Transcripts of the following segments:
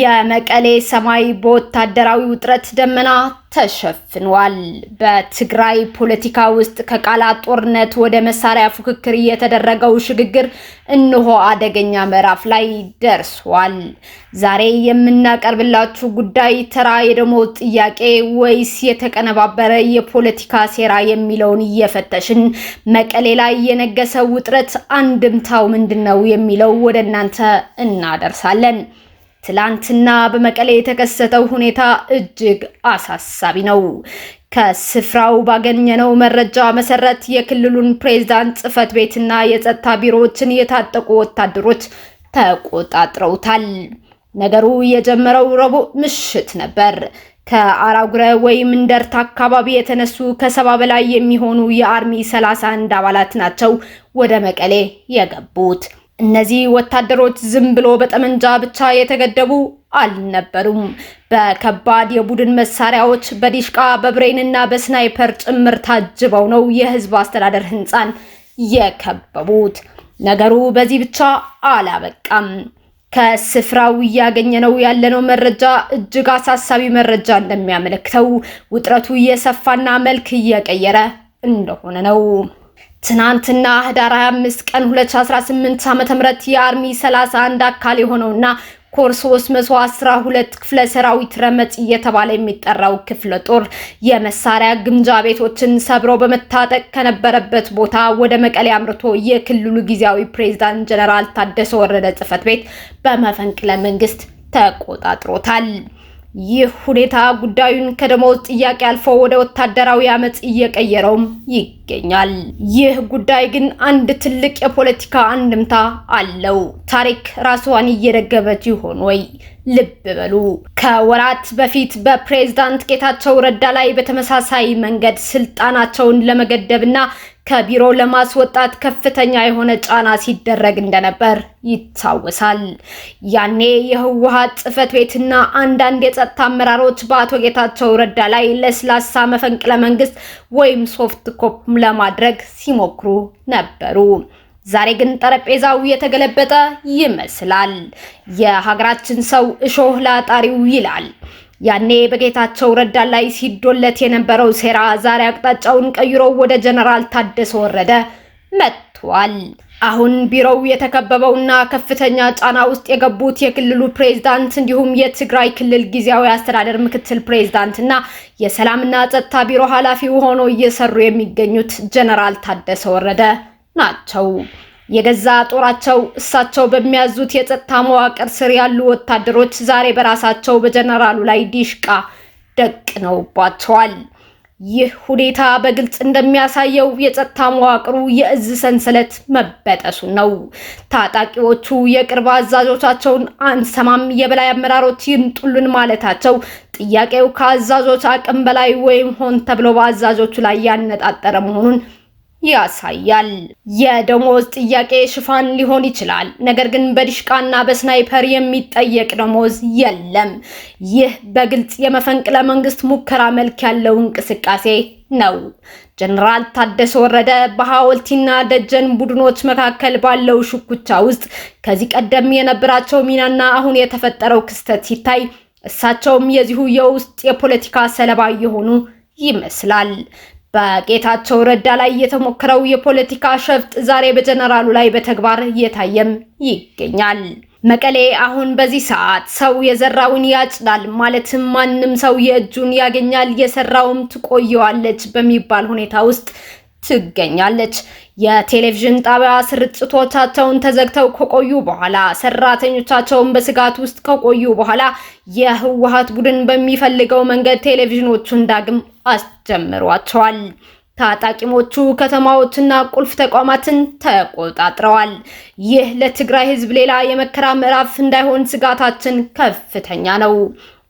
የመቀሌ ሰማይ በወታደራዊ ውጥረት ደመና ተሸፍኗል። በትግራይ ፖለቲካ ውስጥ ከቃላት ጦርነት ወደ መሳሪያ ፉክክር የተደረገው ሽግግር እነሆ አደገኛ ምዕራፍ ላይ ደርሷል። ዛሬ የምናቀርብላችሁ ጉዳይ ተራ የደሞዝ ጥያቄ ወይስ የተቀነባበረ የፖለቲካ ሴራ የሚለውን እየፈተሽን መቀሌ ላይ የነገሰው ውጥረት አንድምታው ምንድን ነው የሚለው ወደ እናንተ እናደርሳለን። ትላንትና በመቀሌ የተከሰተው ሁኔታ እጅግ አሳሳቢ ነው። ከስፍራው ባገኘነው መረጃ መሰረት የክልሉን ፕሬዝዳንት ጽህፈት ቤትና የጸጥታ ቢሮዎችን የታጠቁ ወታደሮች ተቆጣጥረውታል። ነገሩ የጀመረው ረቡዕ ምሽት ነበር። ከአራጉረ ወይም እንደርታ አካባቢ የተነሱ ከሰባ በላይ የሚሆኑ የአርሚ 31 አባላት ናቸው ወደ መቀሌ የገቡት። እነዚህ ወታደሮች ዝም ብሎ በጠመንጃ ብቻ የተገደቡ አልነበሩም። በከባድ የቡድን መሳሪያዎች፣ በዲሽቃ በብሬንና በስናይፐር ጭምር ታጅበው ነው የህዝብ አስተዳደር ህንፃን የከበቡት። ነገሩ በዚህ ብቻ አላበቃም። ከስፍራው እያገኘነው ያለነው መረጃ እጅግ አሳሳቢ መረጃ እንደሚያመለክተው ውጥረቱ እየሰፋና መልክ እየቀየረ እንደሆነ ነው። ትናንትና ህዳር 25 ቀን 2018 ዓ.ም የአርሚ 31 አካል የሆነውና ኮር 312 ክፍለ ሰራዊት ረመጽ እየተባለ የሚጠራው ክፍለ ጦር የመሳሪያ ግምጃ ቤቶችን ሰብሮ በመታጠቅ ከነበረበት ቦታ ወደ መቀሌ አምርቶ የክልሉ ጊዜያዊ ፕሬዝዳንት ጀነራል ታደሰ ወረደ ጽፈት ቤት በመፈንቅለ መንግስት ተቆጣጥሮታል። ይህ ሁኔታ ጉዳዩን ከደመወዝ ጥያቄ አልፎ ወደ ወታደራዊ አመፅ እየቀየረውም ይገኛል። ይህ ጉዳይ ግን አንድ ትልቅ የፖለቲካ አንድምታ አለው። ታሪክ ራስዋን እየደገበች ይሆን ወይ? ልብ በሉ። ከወራት በፊት በፕሬዝዳንት ጌታቸው ረዳ ላይ በተመሳሳይ መንገድ ስልጣናቸውን ለመገደብና ከቢሮ ለማስወጣት ከፍተኛ የሆነ ጫና ሲደረግ እንደነበር ይታወሳል። ያኔ የህወሓት ጽህፈት ቤትና አንዳንድ የጸጥታ አመራሮች በአቶ ጌታቸው ረዳ ላይ ለስላሳ መፈንቅለ መንግስት ወይም ሶፍት ኮፕ ለማድረግ ሲሞክሩ ነበሩ። ዛሬ ግን ጠረጴዛው የተገለበጠ ይመስላል። የሀገራችን ሰው እሾህ ላጣሪው ይላል። ያኔ በጌታቸው ረዳ ላይ ሲዶለት የነበረው ሴራ ዛሬ አቅጣጫውን ቀይሮ ወደ ጀነራል ታደሰ ወረደ መጥቷል። አሁን ቢሮው የተከበበውና ከፍተኛ ጫና ውስጥ የገቡት የክልሉ ፕሬዝዳንት እንዲሁም የትግራይ ክልል ጊዜያዊ አስተዳደር ምክትል እና የሰላምና ጸጥታ ቢሮ ኃላፊው ሆኖ እየሰሩ የሚገኙት ጀነራል ታደሰ ወረደ ናቸው። የገዛ ጦራቸው እሳቸው በሚያዙት የጸጥታ መዋቅር ስር ያሉ ወታደሮች ዛሬ በራሳቸው በጀነራሉ ላይ ዲሽቃ ደቅነውባቸዋል። ይህ ሁኔታ በግልጽ እንደሚያሳየው የጸጥታ መዋቅሩ የእዝ ሰንሰለት መበጠሱን ነው። ታጣቂዎቹ የቅርብ አዛዦቻቸውን አንሰማም፣ የበላይ አመራሮች ይምጡልን ማለታቸው ጥያቄው ከአዛዦች አቅም በላይ ወይም ሆን ተብሎ በአዛዦቹ ላይ ያነጣጠረ መሆኑን ያሳያል። የደሞዝ ጥያቄ ሽፋን ሊሆን ይችላል፣ ነገር ግን በዲሽቃና በስናይፐር የሚጠየቅ ደሞዝ የለም። ይህ በግልጽ የመፈንቅለ መንግስት ሙከራ መልክ ያለው እንቅስቃሴ ነው። ጀነራል ታደሰ ወረደ በሐወልቲና ደጀን ቡድኖች መካከል ባለው ሽኩቻ ውስጥ ከዚህ ቀደም የነበራቸው ሚናና አሁን የተፈጠረው ክስተት ሲታይ እሳቸውም የዚሁ የውስጥ የፖለቲካ ሰለባ የሆኑ ይመስላል። በጌታቸው ረዳ ላይ የተሞከረው የፖለቲካ ሸፍጥ ዛሬ በጀነራሉ ላይ በተግባር እየታየም ይገኛል። መቀሌ አሁን በዚህ ሰዓት ሰው የዘራውን ያጭዳል፣ ማለትም ማንም ሰው የእጁን ያገኛል፣ የሰራውም ትቆየዋለች በሚባል ሁኔታ ውስጥ ትገኛለች። የቴሌቪዥን ጣቢያ ስርጭቶቻቸውን ተዘግተው ከቆዩ በኋላ ሰራተኞቻቸውን በስጋት ውስጥ ከቆዩ በኋላ የህወሓት ቡድን በሚፈልገው መንገድ ቴሌቪዥኖቹን ዳግም አስጀምሯቸዋል። ታጣቂሞቹ ከተማዎችና ቁልፍ ተቋማትን ተቆጣጥረዋል። ይህ ለትግራይ ህዝብ ሌላ የመከራ ምዕራፍ እንዳይሆን ስጋታችን ከፍተኛ ነው።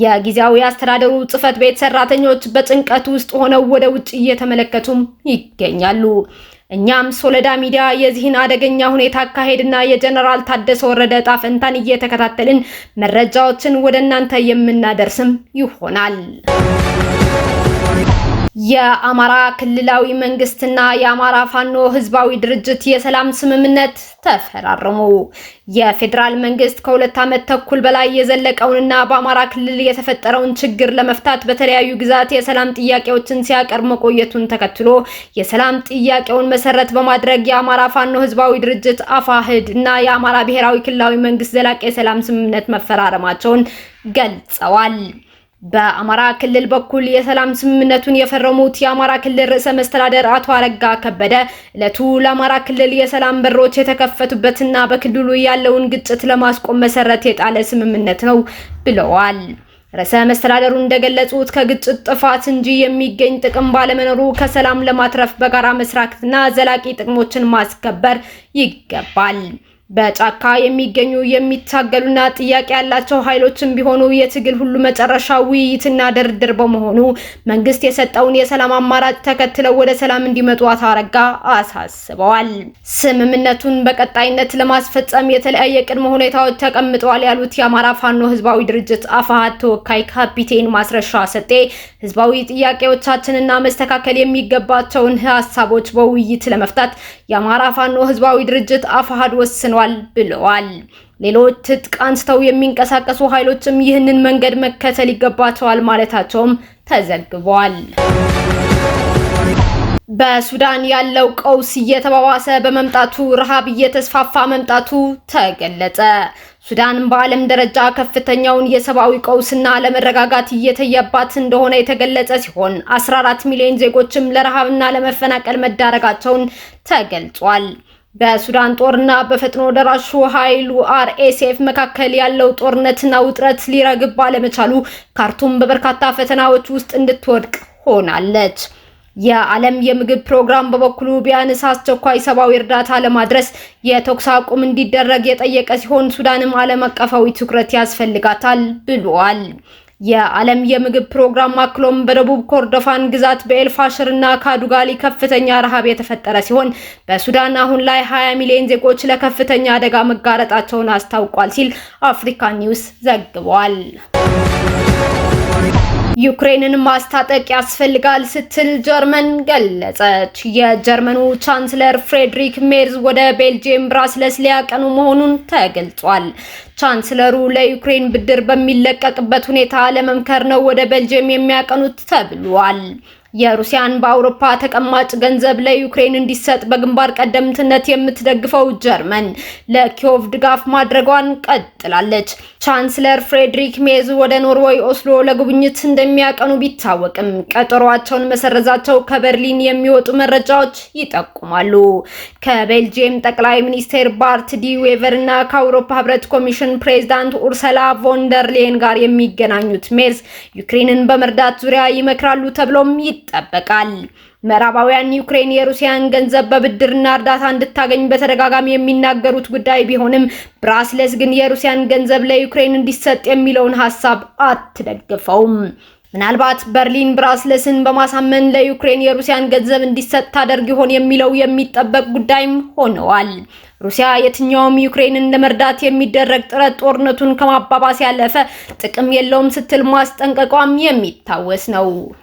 የጊዜያዊ አስተዳደሩ ጽህፈት ቤት ሰራተኞች በጭንቀት ውስጥ ሆነው ወደ ውጭ እየተመለከቱም ይገኛሉ። እኛም ሶለዳ ሚዲያ የዚህን አደገኛ ሁኔታ አካሄድና የጀነራል ታደሰ ወረደ ዕጣ ፈንታን እየተከታተልን መረጃዎችን ወደ እናንተ የምናደርስም ይሆናል። የአማራ ክልላዊ መንግስትና የአማራ ፋኖ ህዝባዊ ድርጅት የሰላም ስምምነት ተፈራረሙ። የፌዴራል መንግስት ከሁለት ዓመት ተኩል በላይ የዘለቀውንና በአማራ ክልል የተፈጠረውን ችግር ለመፍታት በተለያዩ ግዛት የሰላም ጥያቄዎችን ሲያቀርብ መቆየቱን ተከትሎ የሰላም ጥያቄውን መሰረት በማድረግ የአማራ ፋኖ ህዝባዊ ድርጅት አፋህድ እና የአማራ ብሔራዊ ክልላዊ መንግስት ዘላቂ የሰላም ስምምነት መፈራረማቸውን ገልጸዋል። በአማራ ክልል በኩል የሰላም ስምምነቱን የፈረሙት የአማራ ክልል ርዕሰ መስተዳደር አቶ አረጋ ከበደ እለቱ ለአማራ ክልል የሰላም በሮች የተከፈቱበትና በክልሉ ያለውን ግጭት ለማስቆም መሰረት የጣለ ስምምነት ነው ብለዋል። ርዕሰ መስተዳደሩ እንደገለጹት ከግጭት ጥፋት እንጂ የሚገኝ ጥቅም ባለመኖሩ ከሰላም ለማትረፍ በጋራ መስራትና ዘላቂ ጥቅሞችን ማስከበር ይገባል። በጫካ የሚገኙ የሚታገሉና ጥያቄ ያላቸው ኃይሎችም ቢሆኑ የትግል ሁሉ መጨረሻ ውይይትና ድርድር በመሆኑ መንግስት የሰጠውን የሰላም አማራጭ ተከትለው ወደ ሰላም እንዲመጡ አታረጋ አሳስበዋል። ስምምነቱን በቀጣይነት ለማስፈጸም የተለያየ ቅድመ ሁኔታዎች ተቀምጠዋል ያሉት የአማራ ፋኖ ህዝባዊ ድርጅት አፋሃድ ተወካይ ካፒቴን ማስረሻ ሰጤ ህዝባዊ ጥያቄዎቻችንና መስተካከል የሚገባቸውን ሀሳቦች በውይይት ለመፍታት የአማራ ፋኖ ህዝባዊ ድርጅት አፋሃድ ወስኗል ተገድቧል ብለዋል። ሌሎች ትጥቅ አንስተው የሚንቀሳቀሱ ኃይሎችም ይህንን መንገድ መከተል ይገባቸዋል ማለታቸውም ተዘግቧል። በሱዳን ያለው ቀውስ እየተባባሰ በመምጣቱ ረሃብ እየተስፋፋ መምጣቱ ተገለጸ። ሱዳን በዓለም ደረጃ ከፍተኛውን የሰብአዊ ቀውስና ለመረጋጋት እየተየባት እንደሆነ የተገለጸ ሲሆን 14 ሚሊዮን ዜጎችም ለረሃብና ለመፈናቀል መዳረጋቸውን ተገልጿል። በሱዳን ጦርና በፈጥኖ ደራሹ ኃይሉ አርኤስኤፍ መካከል ያለው ጦርነትና ውጥረት ሊረግብ ባለመቻሉ ካርቱም በበርካታ ፈተናዎች ውስጥ እንድትወድቅ ሆናለች። የዓለም የምግብ ፕሮግራም በበኩሉ ቢያንስ አስቸኳይ ሰብአዊ እርዳታ ለማድረስ የተኩስ አቁም እንዲደረግ የጠየቀ ሲሆን ሱዳንም ዓለም አቀፋዊ ትኩረት ያስፈልጋታል ብሏል። የዓለም የምግብ ፕሮግራም አክሎም በደቡብ ኮርዶፋን ግዛት በኤልፋሽር እና ካዱጋሊ ከፍተኛ ረሃብ የተፈጠረ ሲሆን በሱዳን አሁን ላይ 20 ሚሊዮን ዜጎች ለከፍተኛ አደጋ መጋረጣቸውን አስታውቋል ሲል አፍሪካ ኒውስ ዘግቧል። ዩክሬንን ማስታጠቅ ያስፈልጋል ስትል ጀርመን ገለጸች። የጀርመኑ ቻንስለር ፍሬድሪክ ሜርዝ ወደ ቤልጅየም ብራስለስ ሊያቀኑ መሆኑን ተገልጿል። ቻንስለሩ ለዩክሬን ብድር በሚለቀቅበት ሁኔታ ለመምከር ነው ወደ ቤልጅየም የሚያቀኑት ተብሏል። የሩሲያን በአውሮፓ ተቀማጭ ገንዘብ ለዩክሬን እንዲሰጥ በግንባር ቀደምትነት የምትደግፈው ጀርመን ለኪዮቭ ድጋፍ ማድረጓን ቀጥላለች። ቻንስለር ፍሬድሪክ ሜዝ ወደ ኖርዌይ ኦስሎ ለጉብኝት እንደሚያቀኑ ቢታወቅም ቀጠሯቸውን መሰረዛቸው ከበርሊን የሚወጡ መረጃዎች ይጠቁማሉ። ከቤልጅየም ጠቅላይ ሚኒስቴር ባርት ዲ ዌቨር እና ከአውሮፓ ህብረት ኮሚሽን ፕሬዚዳንት ኡርሰላ ቮንደርሌን ጋር የሚገናኙት ሜዝ ዩክሬንን በመርዳት ዙሪያ ይመክራሉ ተብሎም ይጠበቃል። ምዕራባውያን ዩክሬን የሩሲያን ገንዘብ በብድርና እርዳታ እንድታገኝ በተደጋጋሚ የሚናገሩት ጉዳይ ቢሆንም ብራስለስ ግን የሩሲያን ገንዘብ ለዩክሬን እንዲሰጥ የሚለውን ሀሳብ አትደግፈውም። ምናልባት በርሊን ብራስለስን በማሳመን ለዩክሬን የሩሲያን ገንዘብ እንዲሰጥ ታደርግ ይሆን የሚለው የሚጠበቅ ጉዳይም ሆነዋል። ሩሲያ የትኛውም ዩክሬንን ለመርዳት የሚደረግ ጥረት ጦርነቱን ከማባባስ ያለፈ ጥቅም የለውም ስትል ማስጠንቀቋም የሚታወስ ነው።